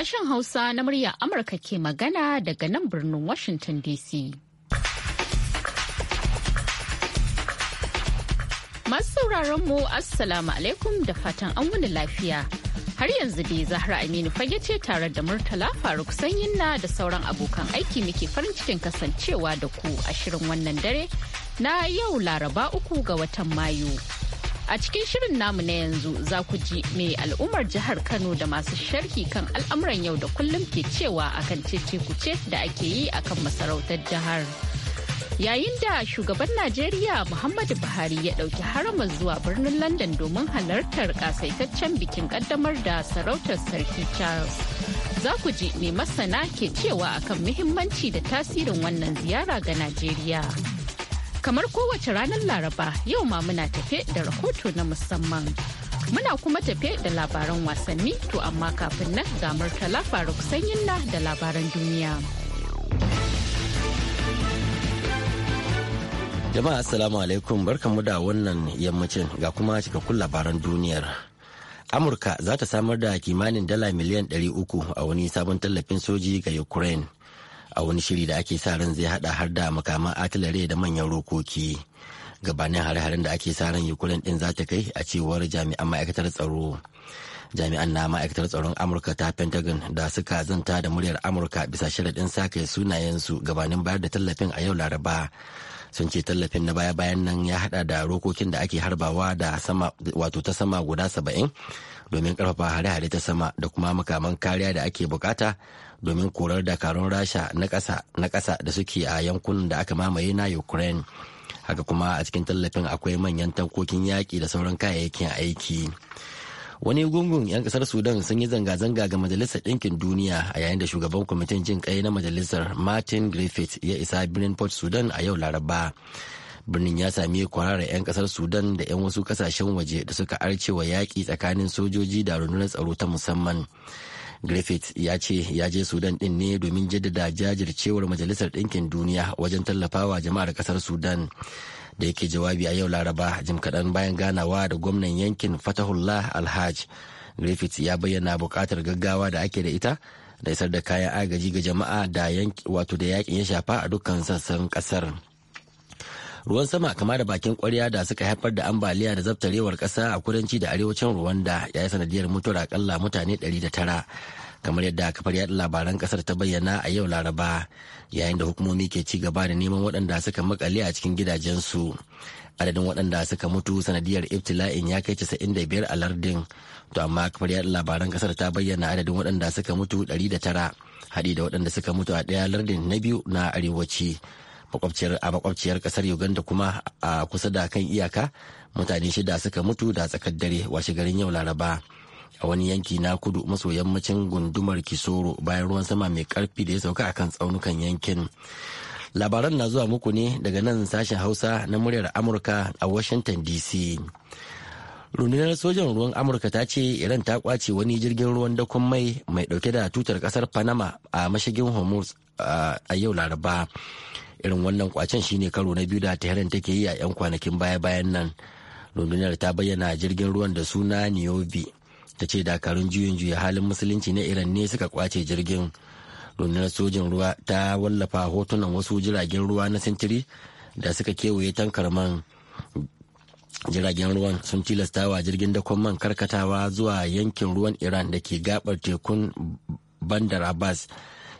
Sashen Hausa na murya Amurka ke magana daga nan birnin Washington DC. Masu sauraron mu Assalamu alaikum da fatan an wani lafiya. Har yanzu dai Zahra Aminu fage ce tare da Murtala Faruk Sanyinna da sauran abokan aiki muke farin cikin kasancewa da ku a shirin wannan dare na yau Laraba uku ga watan Mayu. A cikin shirin namu na yanzu za ku ji me al'ummar jihar Kano da masu sharhi kan al'amuran yau da kullum ke cewa akan cece kuce da ake yi akan masarautar jihar. Yayin da shugaban Najeriya Muhammadu Buhari ya ɗauki haramar zuwa birnin London domin halartar kasaitaccen bikin ƙaddamar da sarautar Sarki Charles. Za ku ji me masana ke cewa akan muhimmanci da tasirin wannan ziyara ga Najeriya. Kamar kowace ranar Laraba yau ma muna tafe da rahoto na musamman. Muna kuma tafe da labaran wasanni to amma kafin nan ga Murtala Faruk Sanyin na da labaran duniya. Jama'a Assalamu alaikum barkanmu da wannan yammacin ga kuma cikakkun labaran duniyar. Amurka za ta samar da kimanin dala miliyan 300 a wani sabon tallafin soji ga Ukraine. a wani shiri da ake sa ran zai hada har da makaman atilare da manyan rokoki gabanin hare-haren da ake sa ran ukraine din za ta kai a cewar jami'an ma'aikatar tsaro jami'an na ma'aikatar tsaron amurka ta pentagon da suka zanta da muryar amurka bisa sharaɗin sake sunayensu gabanin bayar da tallafin a yau laraba sun ce tallafin na baya-bayan nan ya hada da rokokin da ake harbawa da sama wato ta sama guda saba'in domin karfafa hare-hare ta sama da kuma makaman kariya da ake bukata domin korar dakarun rasha na kasa na ƙasa da suke a yankunan da aka mamaye na ukraine haka kuma a cikin tallafin akwai manyan tankokin yaƙi da sauran kayayyakin aiki. wani gungun 'yan kasar sudan sun yi zanga-zanga ga majalisar ɗinkin duniya a yayin da shugaban kwamitin jin kai na majalisar martin griffith ya isa birnin port sudan a yau laraba birnin ya sami kwararar 'yan kasar sudan da 'yan wasu kasashen waje da suka arce wa yaƙi tsakanin sojoji da rundunar tsaro ta musamman griffith ya ce ya je sudan din ne domin jaddada jajircewar majalisar ɗinkin duniya wajen tallafawa jama'ar kasar sudan da yake jawabi a yau laraba jim kaɗan bayan ganawa da gwamnan yankin fatahullah alhaj griffith ya bayyana buƙatar gaggawa da ake da ita da isar da kayan agaji ga jama'a da wato da yakin ya shafa a dukkan sassan ƙasar ruwan sama kama da bakin kwarya da suka haifar da ambaliya da zabtarewar ƙasa a kudanci da arewacin rwanda ya yi sanadiyar mutuwar akalla mutane 109 kamar yadda kafar yada labaran kasar ta bayyana a yau laraba yayin da hukumomi ke ci gaba da neman waɗanda suka makale a cikin gidajensu adadin waɗanda suka mutu sanadiyar ibtila'in ya kai casa'in da biyar a lardin to amma kafar yada labaran kasar ta bayyana adadin waɗanda suka mutu ɗari da tara haɗi da waɗanda suka mutu a ɗaya lardin na biyu na arewaci a makwabciyar kasar uganda kuma a kusa da kan iyaka mutane shida suka mutu da tsakar dare washe garin yau laraba a wani yanki na kudu maso yammacin gundumar kisoro bayan ruwan sama mai karfi da ya sauka akan tsaunukan yankin labaran na zuwa muku ne daga nan sashen hausa na muryar amurka a washington dc rundunar sojan ruwan amurka ta ce iran ta kwace wani jirgin ruwan dakon mai mai dauke da tutar kasar panama a mashigin hormuz a yau laraba irin wannan kwacen shine karo na biyu da tehran take yi a 'yan kwanakin baya-bayan nan rundunar ta bayyana jirgin ruwan da suna Niobe. ta ce dakarun juyin juya halin musulunci na iran ne suka kwace jirgin rundunar sojin ruwa ta wallafa hotunan wasu jiragen ruwa na sintiri da suka kewaye tankar man jiragen ruwan sun tilastawa jirgin dakon man karkatawa zuwa yankin ruwan iran da ke gabar tekun bandar abbas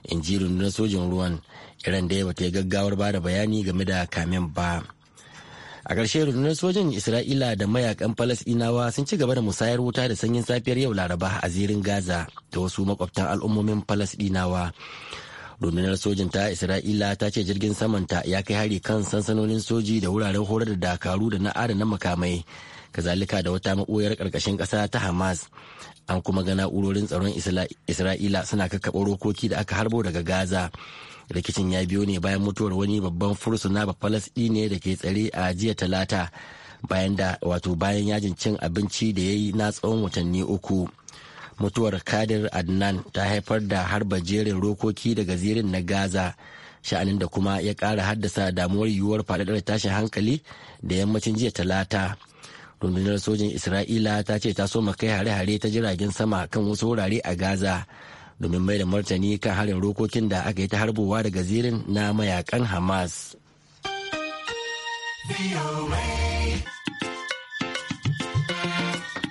in ji rundunar sojin ruwan iran da ya bata yi gaggawar bada bayani game da kamen ba. a ƙarshe rundunar sojin isra'ila da mayakan falasɗinawa sun ci gaba da musayar wuta da sanyin safiyar yau laraba a zirin gaza da wasu makwabtan al'ummomin falasɗinawa rundunar sojin ta isra'ila ta ce jirgin samanta ya kai hari kan sansanonin soji da wuraren horar da dakaru da na adana makamai kazalika da wata ma'uyar ƙarƙashin ƙasa ta hamas an kuma ga na'urorin tsaron isra'ila suna kakkaɓa rokoki da aka harbo daga gaza rikicin ya biyo ne bayan mutuwar wani babban fursuna ba ne da ke tsare a jiya talata bayan da wato bayan yajin cin abinci da ya yi na tsawon watanni uku mutuwar kadir adnan ta haifar da harba jerin rokoki daga zirin na gaza sha'anin da kuma ya ƙara haddasa damuwar yiwuwar faɗaɗar tashin hankali da yammacin jiya talata rundunar sojin isra'ila ta ce ta soma kai hare-hare ta jiragen sama kan wasu wurare a gaza domin mai da martani kan harin rokokin da aka yi ta harbowa daga zirin na mayakan hamas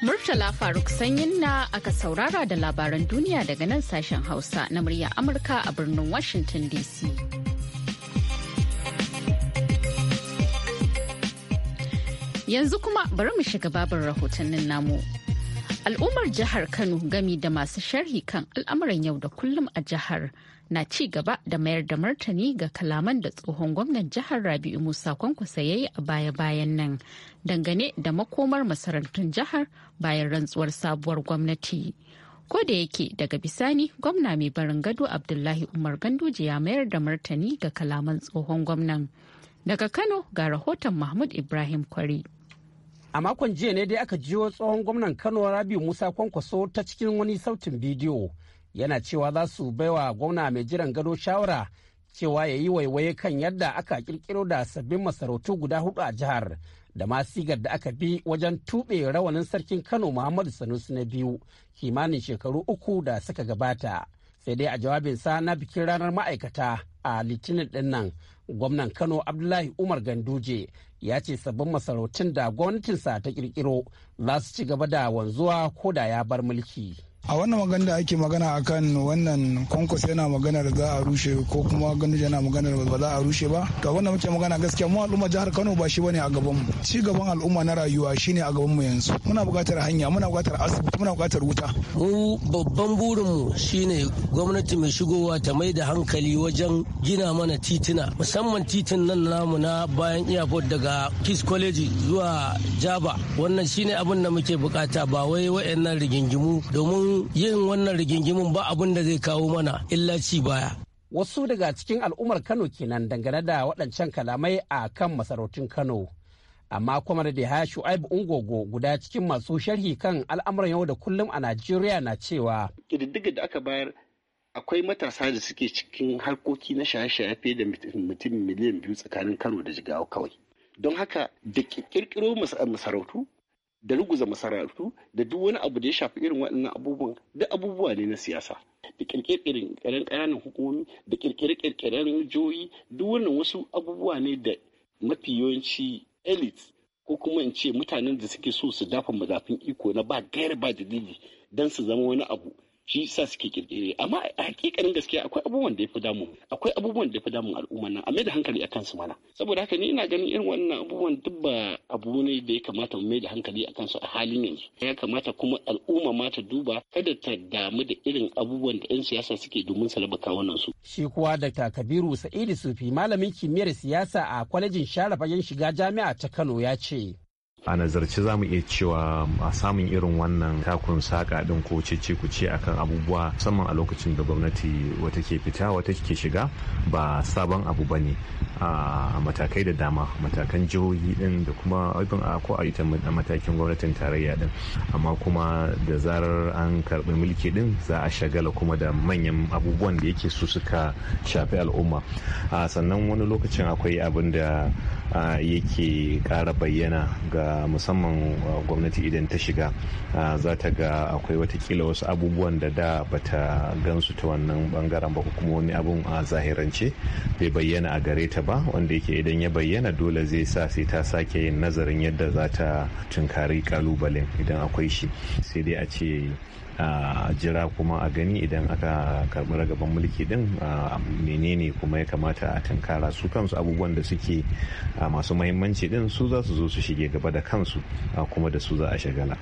Murtala Faruk Sanyin na aka saurara da labaran duniya daga nan sashen Hausa na murya Amurka a birnin Washington DC. Yanzu kuma bari mu shiga babin rahotannin namu. Al'ummar jihar Kano gami da masu sharhi kan al'amuran yau da kullum a jihar na ci gaba da mayar da martani ga kalaman da tsohon gwamnan jihar Rabi'u Musa Kwankwasa ya yi a baya-bayan nan dangane da makomar masarautun jihar bayan rantsuwar sabuwar gwamnati. ko da yake daga bisani gwamna mai barin gado abdullahi umar ganduje ya mayar da martani ga kalaman tsohon gwamnan daga kano ga rahoton mahmud ibrahim kwari a makon jiya ne dai aka jiyo tsohon gwamnan kano rabi musa kwankwaso ta cikin wani sautin bidiyo yana cewa za su baiwa gwamna mai jiran gado shawara cewa ya yi waiwaye kan yadda aka kirkiro da sabbin masarautu guda hudu a jihar da ma sigar da aka bi wajen tuɓe rawanin sarkin kano muhammadu sanusi na biyu kimanin shekaru uku da suka gabata sai dai a jawabinsa na bikin ranar ma'aikata a litinin ɗinnan gwamnan kano abdullahi umar ganduje ya ce sabbin masarautun da gwamnatinsa ta kirkiro za su ci gaba da wanzuwa ko da ya bar mulki. a wannan magana da ake magana akan wannan kwankwas yana maganar za a rushe ko kuma ganduje yana maganar ba za a rushe ba to wannan muke magana gaskiya mu al'umma jihar kano ba shi bane a gaban mu ci gaban al'umma na rayuwa shine a gaban mu yanzu muna buƙatar hanya muna buƙatar asibiti muna buƙatar wuta mu babban burin mu shine gwamnati mai shigowa ta mai da hankali wajen gina mana titina musamman titin nan namu na bayan airport daga kiss college zuwa jaba wannan shine abin da muke bukata ba wai wayannan rigingimu domin yin wannan rigingimin ba abin da zai kawo mana illa ci baya wasu daga cikin al'ummar kano kenan dangane da waɗancan kalamai a kan masarautun kano amma kuma da ya shu'aibu ungogo guda cikin masu sharhi kan al'amuran yau da kullum a najeriya na cewa ƙididdiga da aka bayar akwai matasa da suke cikin harkoki na shaye-shaye fiye da mutum miliyan biyu tsakanin kano da jigawa kawai don haka da ƙirƙiro masarautu da ruguza masarautu da duk wani abu da ya shafi irin waɗannan abubuwan da abubuwa ne na siyasa da kirkirin ƙananan hukumomi da kirkire-kirkiren jihohi duk wannan wasu abubuwa ne da mafi yawanci elite ko kuma in ce mutanen da suke so su dafa mazafin iko na ba gayar ba dalili don su zama wani abu shi sa suke kirkire amma a hakikanin gaskiya akwai abubuwan da ya fi damu akwai abubuwan da ya fi damun al'umma nan a da hankali akan su mana saboda haka ni ina ganin irin wannan abubuwan duk ba abu ne da ya kamata mu mai da hankali akan su a halin yanzu ya kamata kuma al'umma ma ta duba kada ta damu da irin abubuwan da 'yan siyasa suke domin su labaka wannan su. shi kuwa dr kabiru sa'idu sufi malamin kimiyyar siyasa a kwalejin share fagen shiga jami'a ta kano ya ce. a nazarci za mu iya cewa um, a samun irin wannan takun saƙa ɗin ko cece ku ce akan abubuwa musamman a lokacin da gwamnati wata ke fita wata ke shiga ba sabon abu ba ne a matakai da dama matakan jihohi ɗin da kuma aikin a ko a ita matakin gwamnatin tarayya ɗin amma kuma da zarar an karɓi mulki ɗin za a shagala kuma da manyan abubuwan da yake su suka shafi al'umma sannan wani lokacin akwai abin da yake ƙara bayyana ga musamman uh, gwamnati idan ta shiga uh, za ta ga akwai watakila wasu abubuwan da da bata gansu ta wannan bangaren ba kuma wani abun a zahirance bai bayyana a gare ta ba wanda yake idan ya bayyana dole zai sa sai ta sake yin nazarin yadda za ta tunkari kalubalen idan akwai shi sai dai a ce a jira kuma a gani idan aka karbi ragaban mulki din menene kuma ya kamata a tunkara su kansu abubuwan da suke masu mahimmanci din su za su zo su shige gaba da kansu kuma da su za a shagala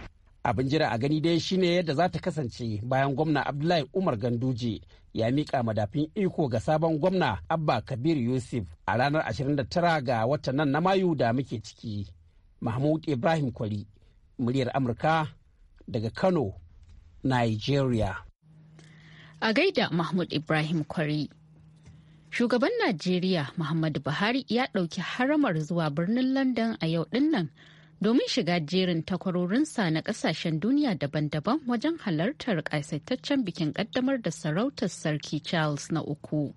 abin jira a gani dai shine yadda za ta kasance bayan gwamna abdullahi umar ganduje ya miƙa madafin iko ga sabon gwamna abba kabir yusuf a ranar 29 ga watan nan na mayu da muke ciki mahmud ibrahim kwari muryar amurka daga kano Nigeria. A gaida Mahmud Ibrahim Kwari. Shugaban Najeriya Muhammadu Buhari ya ɗauki haramar zuwa birnin London a yau dinnan domin shiga jerin takwarorinsa na ƙasashen duniya daban-daban wajen halartar ƙasaitaccen bikin ƙaddamar da sarautar Sarki Charles na uku.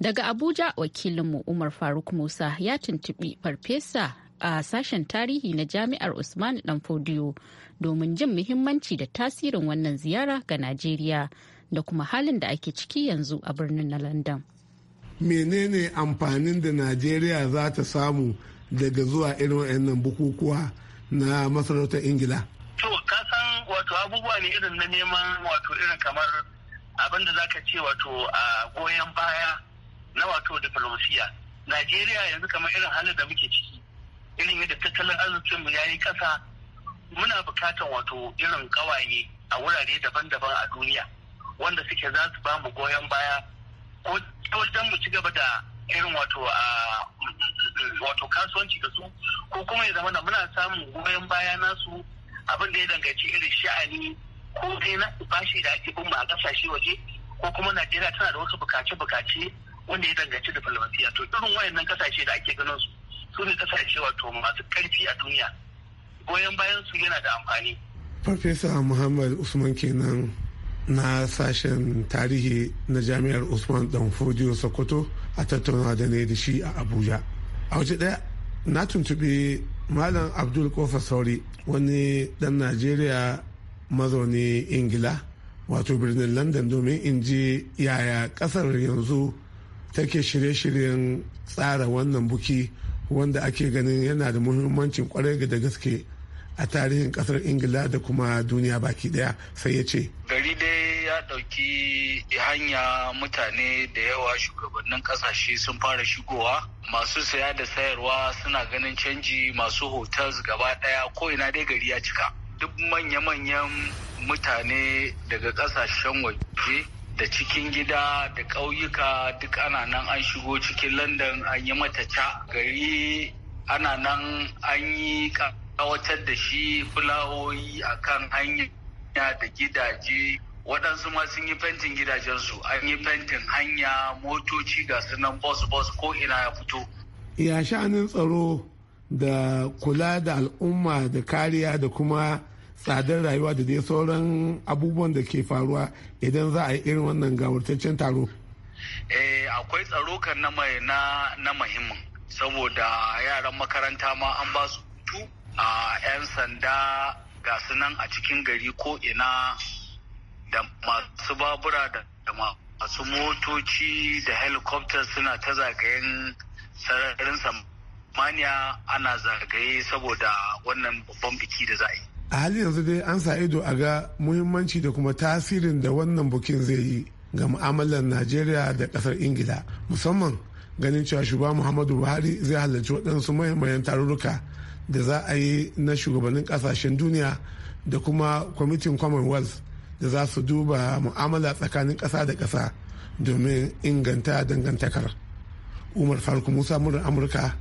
Daga Abuja wakilinmu Umar Faruk Musa ya tuntuɓi Farfesa a sashen tarihi na jami'ar Usman Danfodiyo domin jin muhimmanci da tasirin wannan ziyara ga Najeriya da kuma halin da ake ciki yanzu a birnin na London. Menene amfanin da Najeriya za ta samu daga zuwa irin wannan bukukuwa na masarautar Ingila? To, wato abubuwa ne irin na neman wato irin kamar abin da za ce wato a goyon baya na wato diplomasiya. Najeriya yanzu kamar irin halin da muke ciki irin yadda tattalin arzikin mu yi ƙasa muna buƙatar wato irin ƙawaye a wurare daban-daban a duniya wanda suke za su ba goyon baya ko wajen mu ci gaba da irin wato a wato kasuwanci da su ko kuma ya zama muna samun goyon baya nasu abin da ya danganci irin sha'ani ko na bashi da ake bin a kasashe waje ko kuma Najeriya tana da wasu bukace-bukace wanda ya danganci da falmasiya to irin wayannan kasashe da ake ganin su su ne kasashe wato masu karfi a duniya goyon bayan su yana da amfani farfesa muhammad usman kenan na sashen tarihi na jami'ar usman danfodiyo sokoto a tattaunawa da ne da shi a abuja a waje daya na tuntuɓi malam abdul kofa sauri wani dan najeriya mazauni ingila wato birnin london domin in ji yaya kasar yanzu take shirye-shiryen tsara wannan buki wanda ake ganin yana da muhimmancin kwarai da gaske a tarihin kasar ingila da kuma duniya baki daya sai ya ce gari dai ya ɗauki hanya mutane da yawa shugabannin kasashe sun fara shigowa masu saya da sayarwa suna ganin canji masu hotels gaba daya ko ina dai gari ya cika duk manya-manyan mutane daga kasashen waje da cikin gida da ƙauyuka duk ana nan an shigo cikin Landan an yi mata ca gari ana nan an yi kawatar da shi fulawoyi a kan hanya da gidaje waɗansu ma sun yi fentin gidajensu an yi fentin hanya motoci ga sunan bus bus ko ina ya fito ya sha'anin tsaro da kula da al'umma da kariya da kuma tsadar rayuwa da dai sauran abubuwan da ke faruwa idan za a yi irin wannan gawartaccen taro eh akwai tsaro kan na mai na na saboda yaran makaranta ma an ba su tu a yan sanda ga su nan a cikin gari ko ina da masu babura da masu motoci da helicopter suna ta zagayen sararin samaniya ana zagaye saboda wannan babban biki da za yi a halin yanzu dai an sa ido a ga muhimmanci da kuma tasirin da wannan bukin zai yi ga mu'amalar najeriya da kasar ingila musamman ganin cewa shugaban muhammadu buhari zai halarci waɗansu mahimmayan tarurruka da za a yi na shugabannin ƙasashen duniya da kuma kwamitin commonwealth da za su duba mu'amala tsakanin ƙasa da ƙasa domin inganta dangantakar umar faruk musa murar amurka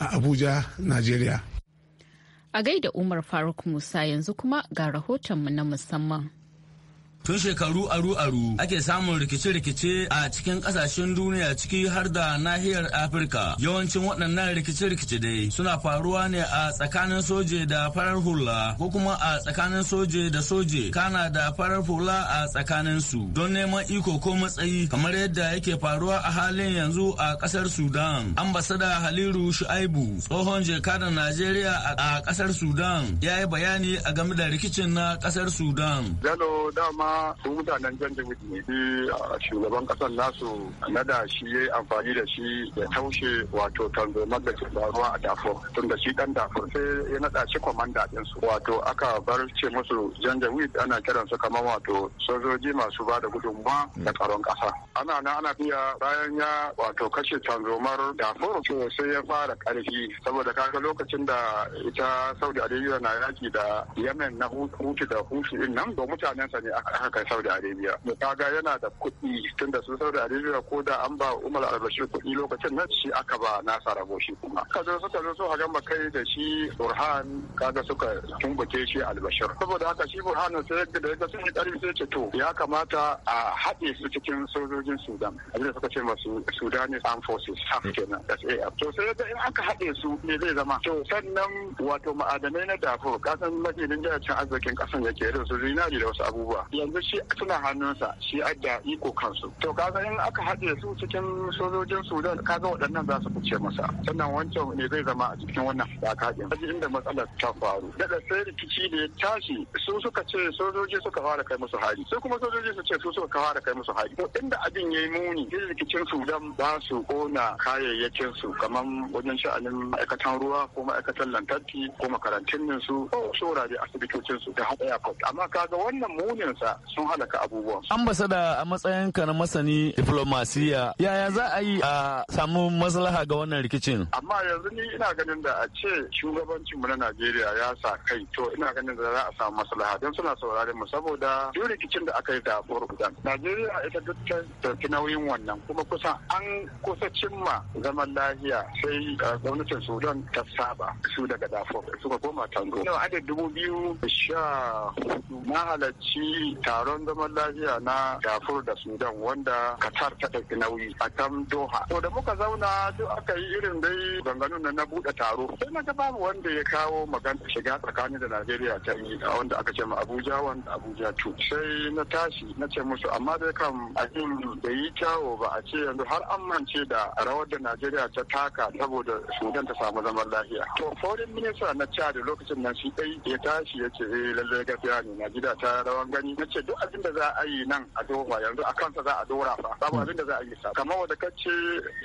a abuja najeriya A gaida Umar Faruk Musa yanzu kuma ga rahotonmu na musamman. tun shekaru aru-aru ake samun rikice-rikice a cikin kasashen duniya ciki har da nahiyar afirka yawancin waɗannan rikice-rikice dai suna faruwa ne a tsakanin soje da farar hula ko kuma a tsakanin soje da soje kana da farar hula a tsakanin su don neman iko ko matsayi kamar yadda yake faruwa a halin yanzu a ƙasar sudan ambasada haliru shu'aibu tsohon jekadan najeriya a ƙasar sudan ya yi bayani a game da rikicin na ƙasar sudan dama su mutanen janjaweed ne bi shugaban kasar nasu na da shi ya yi amfani da shi ya taushe wato tanzo da ke a dafo tun da shi dan dafor sai ya naɗa shi kwamanda su wato aka bar ce musu janjaweed ana su kamar wato sojoji masu ba da gudunmuwa da tsaron ƙasa ana na ana biya bayan ya wato kashe tanzo mar to sai ya fara ƙarfi saboda kaga lokacin da ita saudi arabia na yaki da yamen na hutu da hutu din nan mutanen mutanensa ne aka haka saudi arabia da kaga yana da kuɗi tunda su saudi arabia ko da an ba umar albashir kuɗi lokacin nan shi aka ba nasa rabo shi kuma ka zo suka zo suka gama kai da shi burhan kaga suka tumbuke shi albashir saboda haka shi burhan sai yadda da yadda sun yi ƙarfi sai ce to ya kamata a haɗe su cikin sojojin sudan abinda suka ce masu sudanese armed forces haf mm. kenan saf to sai yadda in aka haɗe su ne zai zama to sannan wato ma'adanai na dafur kasan mafi jihar cin arzikin ƙasan yake da su zinari da wasu abubuwa yanzu shi suna hannunsa shi adda iko kansu to kaga in aka haɗe su cikin sojojin sudan kaga waɗannan za su fice masa sannan wancan ne zai zama a cikin wannan sakaɗin aji inda matsalar ta faru daga sai rikici ne ya tashi su suka ce sojoji suka fara kai musu hari su kuma sojoji su ce su suka fara kai musu hari to inda abin ya yi muni rikicin sudan ba su kona kayayyakin su kamar wajen sha'anin ma'aikatan ruwa ko ma'aikatan lantarki ko makarantun su ko shorare asibitocin su da haɗa amma kaga wannan munin sa sun halaka abubuwan ambasada a matsayin ka na masani diplomasiya yaya za a yi a samu maslaha ga wannan rikicin amma yanzu ni ina ganin da a ce shugabancin mu na Najeriya ya sa kai to ina ganin da za a samu maslaha don suna saurare mu saboda duk rikicin da aka yi da Sudan Najeriya ita duk ta dauki nauyin wannan kuma kusan an kusa cimma zaman lafiya sai uh, gwamnatin Sudan ta saba su daga Darfur suka koma Tango yau adadin dubu biyu sha na halarci taron zaman lafiya na gafur da Sudan wanda Katar ta ɗauki nauyi a kan Doha. To da muka zauna duk aka yi irin dai ganganun na buɗe taro. Sai na ga babu wanda ya kawo magana shiga tsakanin da Najeriya ta yi wanda aka ce ma Abuja wanda Abuja tu. Sai na tashi na ce musu amma dai kan abin da yi kyawo ba a ce yanzu har an mance da rawar da Najeriya ta taka saboda Sudan ta samu zaman lafiya. To foreign minister na Chad lokacin nan shi dai ya tashi ya ce eh lallai gaskiya ne Najeriya ta rawan gani na ce duk abin da za a yi nan a doba yanzu a kansa za a dora fa babu abin da za a yi sa kamar wanda kace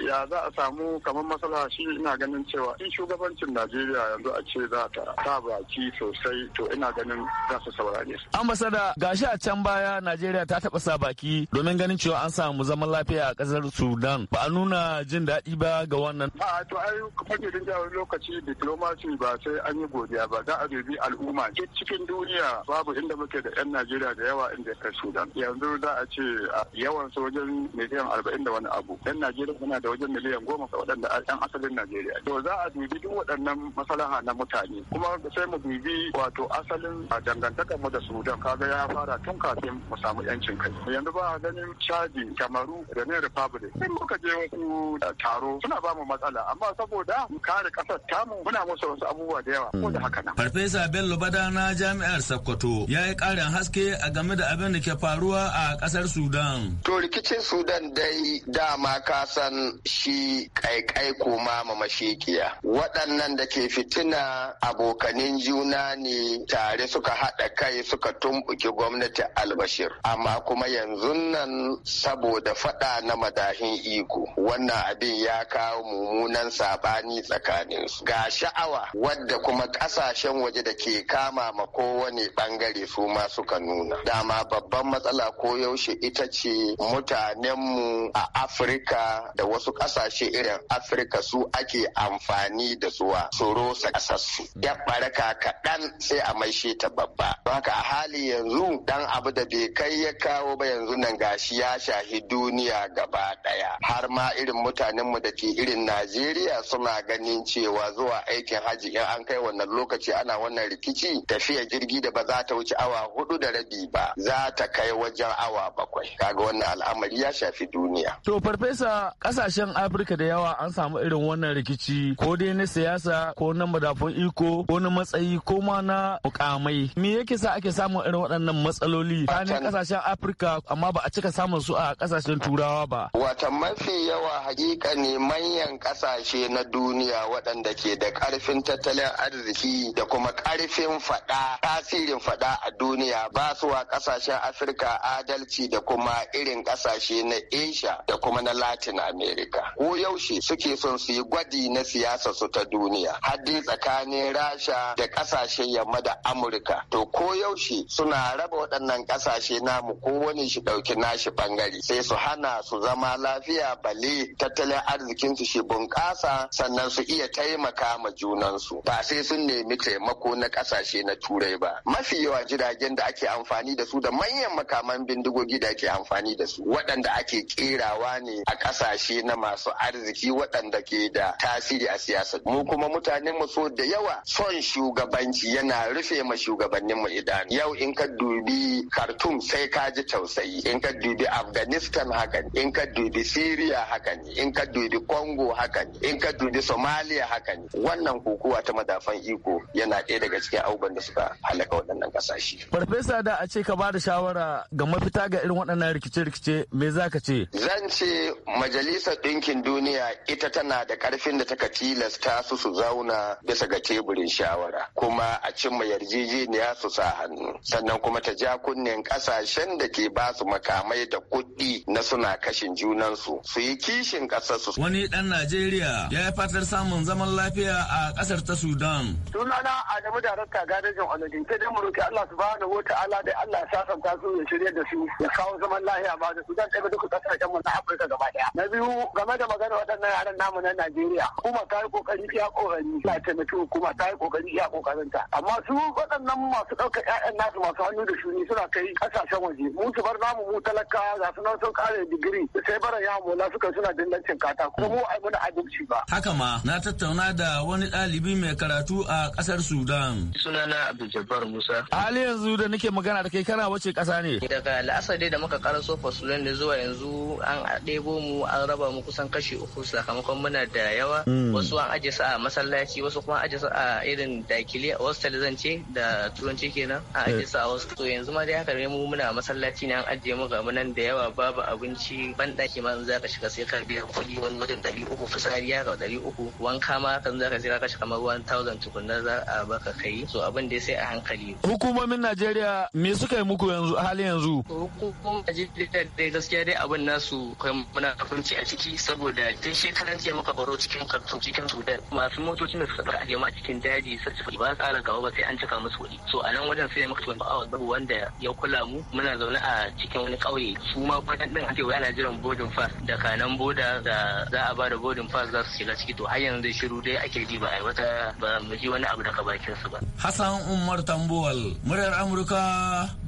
ya za a samu kamar matsala? shi ina ganin cewa in shugabancin Najeriya yanzu a ce za ta ta baki sosai to ina ganin za su saurare su ambasada gashi a can baya Najeriya ta taba sa baki domin ganin cewa an samu zaman lafiya a kasar Sudan ba a nuna jin daɗi ba ga wannan a to ai din da lokaci diplomacy ba sai an yi godiya ba za a dubi al'umma cikin duniya babu inda muke da 'yan Najeriya da yawa yawa inda kai sudan yanzu za a ce yawan wajen miliyan arba'in da wani abu yan najeriya suna da wajen miliyan goma waɗanda yan asalin najeriya to za a dubi duk waɗannan masalaha na mutane kuma sai mu dubi wato asalin dangantakar mu da sudan kaga ya fara tun kafin mu samu yancin kai yanzu ba ganin chadi kamaru da ne republic in muka je wasu taro suna ba mu matsala amma saboda kare kasar tamu muna musu wasu abubuwa da yawa ko da haka na farfesa bello bada na jami'ar sokoto ya yi ƙarin haske a game game da abin da ke faruwa a kasar Sudan. To rikicin Sudan dai dama ka san shi kaikai kuma ma Waɗannan da ke fitina abokanin juna ne tare suka haɗa kai suka tumbuki gwamnati albashir. Amma kuma yanzu nan saboda faɗa na madahin iko wannan abin ya kawo mummunan saɓani tsakaninsu. Ga sha'awa wadda kuma ƙasashen waje da ke kama ma kowane ɓangare su ma suka nuna. Da Amma babban matsala ko yaushe ita ce mutanenmu a afirka da wasu kasashe irin afirka su ake amfani da suwa tsoro kasassu ya baraka kaɗan sai a maishe ta babba don haka a hali yanzu dan abu da bai kai ya kawo ba yanzu nan gashi ya shahi duniya gaba ɗaya har ma irin mutanenmu da ke irin najeriya suna ganin cewa zuwa aikin haji in an kai wannan lokaci ana wannan rikici tafiya jirgi da ba za ta wuce awa hudu da rabi ba za ta kai wajen awa bakwai kaga wannan al'amari ya shafi duniya to farfesa kasashen afirka da yawa an samu irin wannan rikici ko dai na siyasa ko na madafun iko ko na matsayi ko ma na mukamai me yake sa ake samun irin waɗannan matsaloli ne kasashen afirka amma ba a cika samun su a kasashen turawa ba wata mafi yawa hakika ne manyan kasashe na duniya waɗanda ke da ƙarfin tattalin arziki da kuma ƙarfin faɗa tasirin faɗa a duniya ba su wa kasashen afirka adalci da kuma irin kasashe na asia da kuma na latin america ko yaushe suke son su yi gwadi na siyasa su ta duniya haddi tsakanin rasha da kasashen yamma da amurka to ko yaushe suna raba waɗannan kasashe namu ko wani shi ɗauki nashi bangare sai su hana su zama lafiya bale tattalin arzikinsu shi bunƙasa sannan su iya taimaka ma junansu ba sai sun nemi taimako na kasashe na turai ba mafi yawa jiragen da ake amfani da da su da manyan makaman bindigogi da ake amfani da su waɗanda ake kerawa ne a ƙasashe na masu arziki waɗanda ke da tasiri a siyasa mu kuma mutanen mu so da yawa son shugabanci yana rufe ma shugabannin mu idan yau in ka dubi Khartoum sai ka ji tausayi in ka dubi Afghanistan haka in ka dubi Syria haka in ka dubi Congo haka in ka dubi Somalia haka wannan kokowa ta madafan iko yana ɗaya daga cikin abubuwan da suka halaka waɗannan ƙasashe. Farfesa da a ce ka ba da shawara ga mafita ga irin waɗannan rikice-rikice me za ka ce? Zan ce majalisar ɗinkin duniya ita tana da ƙarfin da taka tilasta su su zauna bisa ga teburin shawara kuma a cimma yarjejeniya su sa hannu sannan kuma ta ja kunnen ƙasashen da ke ba su makamai da kuɗi na suna kashin junansu su yi kishin ƙasarsu. Wani ɗan Najeriya ya yi fatar samun zaman lafiya a ƙasar ta Sudan. Sunana Adamu Darakta Gadajin Olodin ta dai mu roƙi ta'ala da Allah a sasanta su ya shirya da su ya kawo zaman lahiya ba da su zan taimaka duka kasashen mu na Afirka gaba ɗaya Na biyu game da magana waɗannan yaran namu na Najeriya kuma ta yi kokari iya kokari na taimaki hukuma ta yi kokari iya ta. amma su waɗannan masu ɗaukar ƴaƴan nasu masu hannu da shuni suna kai kasashen waje mu su bar namu mu talakawa ga su nan sun kare digiri sai baran ya mola suka suna dillancin kata kuma mu ai muna adalci ba. Haka ma na tattauna da wani ɗalibi mai karatu a ƙasar Sudan. Sunana Abdul Musa. hali yanzu da nake magana da kai kana wace ƙasa ne? Daga la'asar da muka karaso fasulan da zuwa yanzu an ɗebo mu an raba mu kusan kashi uku sakamakon muna da yawa. Hmm. Wasu an aje su a masallaci wasu kuma aje su a irin dakili a wasu talizance da turanci kenan an aje su a wasu. To yanzu ma dai haka ne mu muna masallaci ne an aje mu ga nan da yawa babu abinci ban ɗaki ma in za ka shiga sai ka biya kuɗi wani wajen ɗari uku fitsari ya ga ɗari uku wanka ma kan za ka sai ka shiga kamar ruwan tausan tukunna za a baka kai. So abin dai sai a hankali. Hukumomin Najeriya me suka suka muku yanzu a halin yanzu hukumar ajiyar da gaskiya dai abin nasu kai muna abinci a ciki saboda tun shekaran jiya muka baro cikin kartun cikin sudan masu motocin da suka a cikin daji sarki ba tsara gaba ba sai an cika musu kuɗi so a nan wajen sai muka tuna awa babu wanda ya kula mu muna zaune a cikin wani ƙauye su ma kwanan din ake ana jiran bodin fas da kanan boda da za a ba da bodin fas za su shiga ciki to har yanzu dai shiru dai ake ji ba a wata ba mu ji wani abu daga bakin su ba Hassan Umar Tambuwal muryar Amurka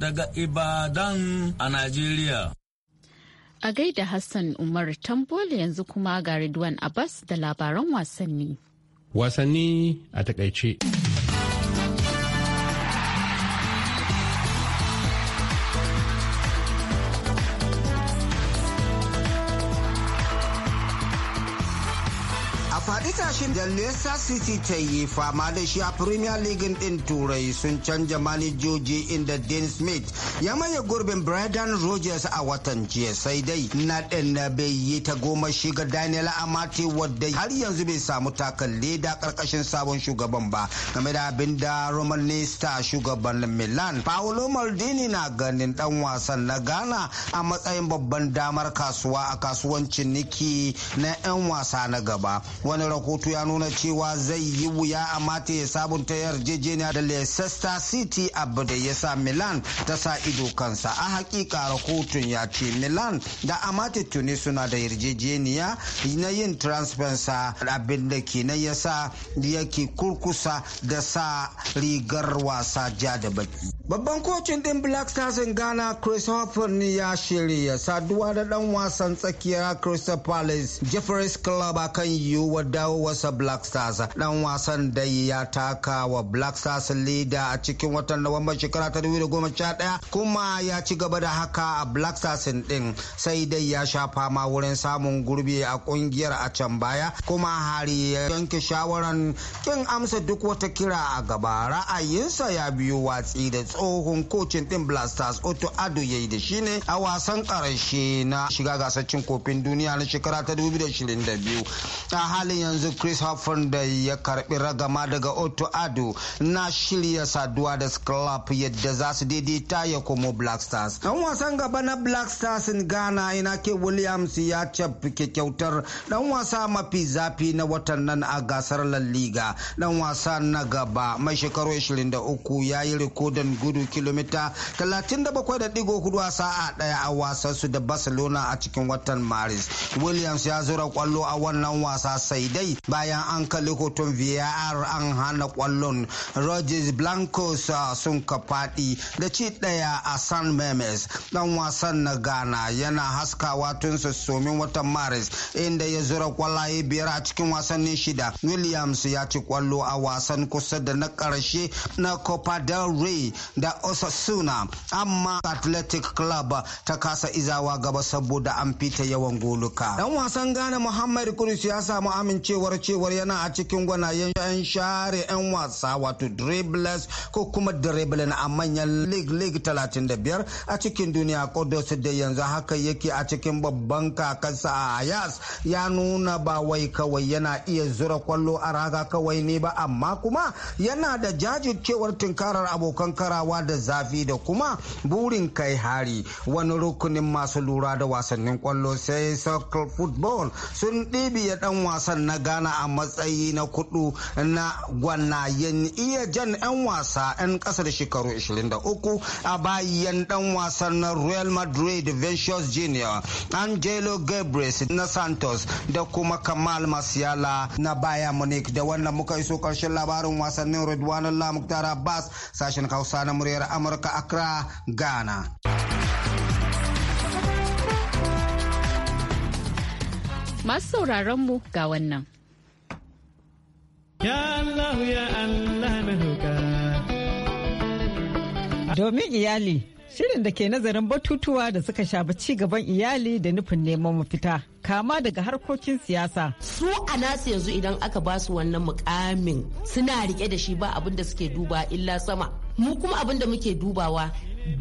daga Ibadan a Najeriya. A gaida Hassan Umar Tambole yanzu kuma ga Ridwan Abbas da labaran wasanni. Wasanni a takaice. Rashin da Leicester City ta yi fama da shi a Premier League din Turai sun canja manijoji inda Dean Smith ya maye gurbin Brendan Rodgers a watan jiya sai dai Na na bai yi ta goma shi shiga Daniel Amati wadda har yanzu bai samu takalle da karkashin sabon shugaban ba game da abin da Roman Nesta shugaban Milan Paolo Maldini na ganin dan wasan na Ghana a matsayin babban damar kasuwa a kasuwancin niki na 'yan wasa na gaba wani rahoto rahoto ya nuna cewa zai yi wuya a mata ya sabunta yarjejeniya da leicester city abu da ya sa milan ta sa ido kansa a hakika rahoton ya ce milan da amate tuni suna da yarjejeniya na yin transfensa abin da ke na yasa yake kurkusa da sa rigar wasa ja da baki babban kocin din black stars in ghana chris hoffman ya shirya saduwa da dan wasan tsakiya crystal palace jeffries club akan yiwuwar dawowa Musa black stars dan wasan da ya taka wa black stars leda a cikin watan nuwamban shekara ta 2011 kuma ya ci gaba da haka a black stars din sai dai ya sha fama wurin samun gurbi a kungiyar a can baya kuma hari ya yanke shawaran kin amsa duk wata kira a gaba ra'ayinsa ya biyo watsi da tsohon kocin din black stars otto ado ya yi da shi ne a wasan karshe na shiga gasar cin kofin duniya na shekara ta 2022 a halin yanzu chris hoffman da ya karbi ragama daga otto ado na shirya saduwa da Sklap yadda za su daidaita ya komo black stars dan wasan gaba na black stars in ghana ke williams ya cafi kyautar dan wasa mafi zafi na watan nan a gasar la liga dan wasa na gaba mai shekaru 23 ya yi rikodin gudu kilomita 37.4 a sa'a daya a wasan su da barcelona a cikin watan maris williams ya zura kwallo a wannan wasa sai dai bayan an kalli hoton VAR an hana kwallon Rogers Blancos ah, sun ka faɗi da ci ɗaya a San Memes ɗan wasan na Ghana yana haskawa tun sassomin watan Maris inda ya zura kwallaye biyar a cikin wasannin shida. Williams ya ci kwallo a wasan kusa da na ƙarshe na Copa del Rey da Osasuna amma Athletic Club ta kasa izawa gaba saboda an fita yawan goluka. ɗan wasan Ghana Muhammad Kudus ya samu amincewar kamar cewar yana a cikin gwanayen 'yan share 'yan wasa wato dribblers ko kuma dribbling a manyan league league biyar a cikin duniya kodos da yanzu haka yake a cikin babban kakarsa a ayas ya nuna ba wai kawai yana iya zura kwallo a raga kawai ne ba amma kuma yana da jajircewar tunkarar abokan karawa da zafi da kuma burin kai hari wani rukunin masu lura da wasannin kwallo sai circle football sun ɗibiya dan wasan na ghana kana a matsayi na kudu na gwanayen iya jan 'yan wasa 'yan kasar shekaru 23 a bayan dan wasan na real madrid ventures junior angelo gabriel na santos da kuma kamal masiala na baya munich da wannan muka iso karshen labarin wasannin redwan allah abbas sashen hausa na muryar amurka accra ghana masu sauraron mu ga wannan Domin iyali, shirin da ke nazarin batutuwa da suka shafi ci gaban iyali da nufin neman mafita. kama daga harkokin siyasa. Su a nasu yanzu idan aka ba su wannan mukamin suna riƙe da shi ba abin da suke duba illa sama. Mu kuma abin da muke dubawa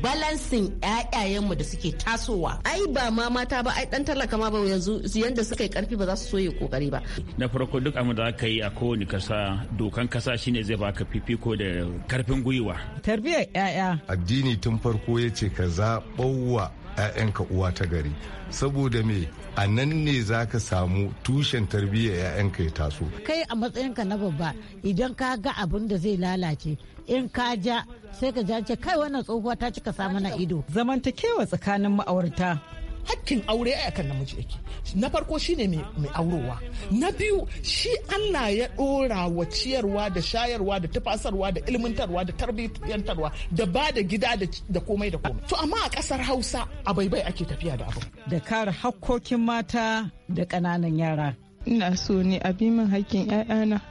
balansin ƴaƴayenmu da suke tasowa ai ba ma mata ba ai dan talaka ma ba yanzu yanda suka yi karfi ba za su soye kokari ba na farko duk abin da aka yi a kowane kasa dokan kasa shine zai baka fifiko da karfin gwiwa tarbiyyar ƴaƴa addini tun farko yace ka zaɓo wa ƴaƴanka uwa ta gari saboda me a nan ne za ka samu tushen tarbiyyar 'ya'yanka ya taso kai a matsayinka na babba idan ka ga abin da zai lalace in ka ja sai ka ja ce kai wannan tsohuwa ta cika samu na ido zamantakewa tsakanin ma'aurata hakkin aure a akan namiji yake na farko shine mai aurowa na biyu shi Allah ya dora wa ciyarwa da shayarwa da tafasarwa da ilmantarwa da tarbiyyantarwa da ba da gida da komai da komai to amma a kasar Hausa a baibai ake tafiya da abu da kare hakkokin mata da ƙananan yara ina so ne a bi min hakkin 'ya'yana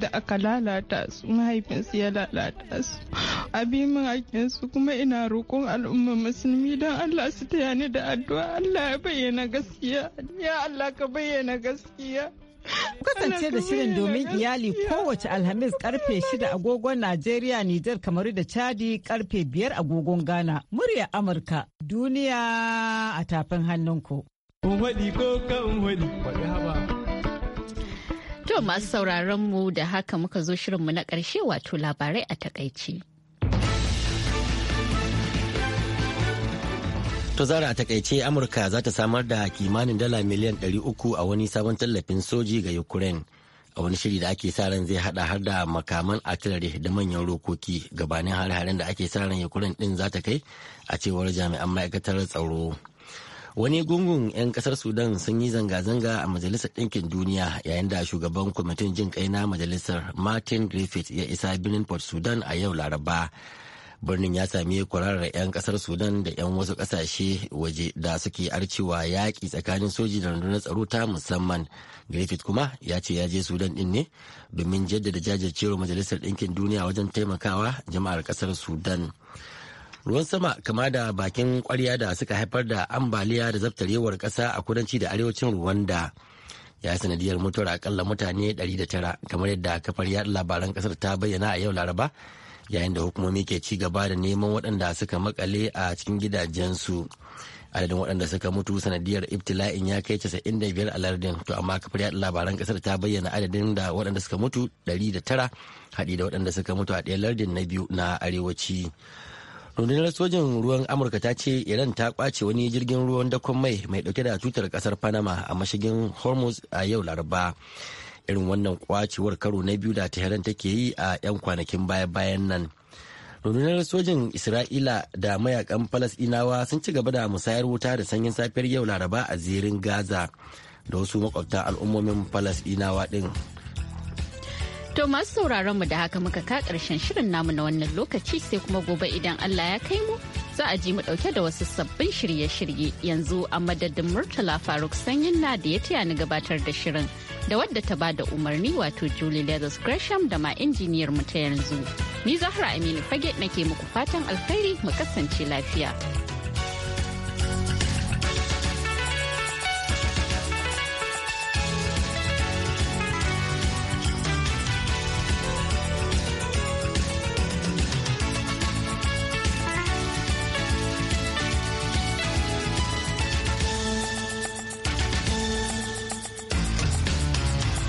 Da aka lalata su mahaifinsu ya lalata su abin su kuma ina roƙon al'umma musulmi don Allah su taya ni da addu'a Allah ya bayyana gaskiya ya Allah ka bayyana gaskiya kasance da shirin domin iyali kowace alhamis karfe 6 agogon najeriya nijar kamar da chadi karfe 5 agogon ghana murya amurka duniya a tafin hannunku. ko kan To masu sauraron mu da haka muka zo shirinmu na ƙarshe wato labarai a takaici. To zara a takaice Amurka za ta samar da kimanin dala miliyan 300 a wani sabon tallafin soji ga Ukraine. a wani shiri da ake sa ran zai hada har da makaman artillery da manyan rokoki gabanin hare-haren da ake sa ran ukraine din za ta kai a cewar jami'an ma'aikatar tsaro wani gungun 'yan kasar sudan sun yi zanga-zanga a majalisar ɗinkin duniya yayin da shugaban kwamitin jin kai na majalisar martin griffith ya isa birnin port sudan a yau laraba birnin ya sami kwararar 'yan kasar sudan da 'yan wasu kasashe waje da suke arcewa yaƙi tsakanin soji da rundunar tsaro ta musamman griffith kuma ya ce ya je sudan din ne domin jaddada jajircewar majalisar ɗinkin duniya wajen taimakawa jama'ar kasar sudan ruwan sama kama da bakin kwarya da suka haifar da ambaliya da zaftarewar kasa a kudanci da arewacin Rwanda, ya sanadiyar mutuwar akalla mutane 109 kamar yadda kafar yaɗa labaran kasar ta bayyana a yau laraba yayin da hukumomi ke ci gaba da neman waɗanda suka makale a cikin gidajensu adadin waɗanda suka mutu sanadiyar ibtila'in ya kai 95 a lardin to amma kafar yaɗa labaran ƙasar ta bayyana adadin da waɗanda suka mutu 109 haɗi da waɗanda suka mutu a ɗaya lardin na biyu na arewaci rundunar sojin ruwan amurka ta ce iran ta kwace wani jirgin ruwan dakon mai mai dauke da tutar kasar panama a mashigin hormuz a yau laraba irin wannan kwacewar karo na biyu da tehran take yi a 'yan kwanakin baya-bayan nan rundunar sojin isra'ila da mayakan falasdinawa sun ci gaba da musayar wuta da sanyin safiyar yau laraba a zirin gaza da wasu makwabta al'ummomin falasɗinawa din To masu sauraron mu da haka muka ka karshen shirin namu na wannan lokaci sai kuma gobe idan Allah ya kai mu za a ji mu ɗauke da wasu sabbin shirye-shirye yanzu a madadin Murtala Faruk Sanyin na da ya taya ni gabatar da shirin da wadda ta bada umarni wato Julie Leathers Gresham da ma injiniyar mu ta yanzu. Ni Zahra Aminu Fage nake muku fatan alkhairi mu kasance lafiya.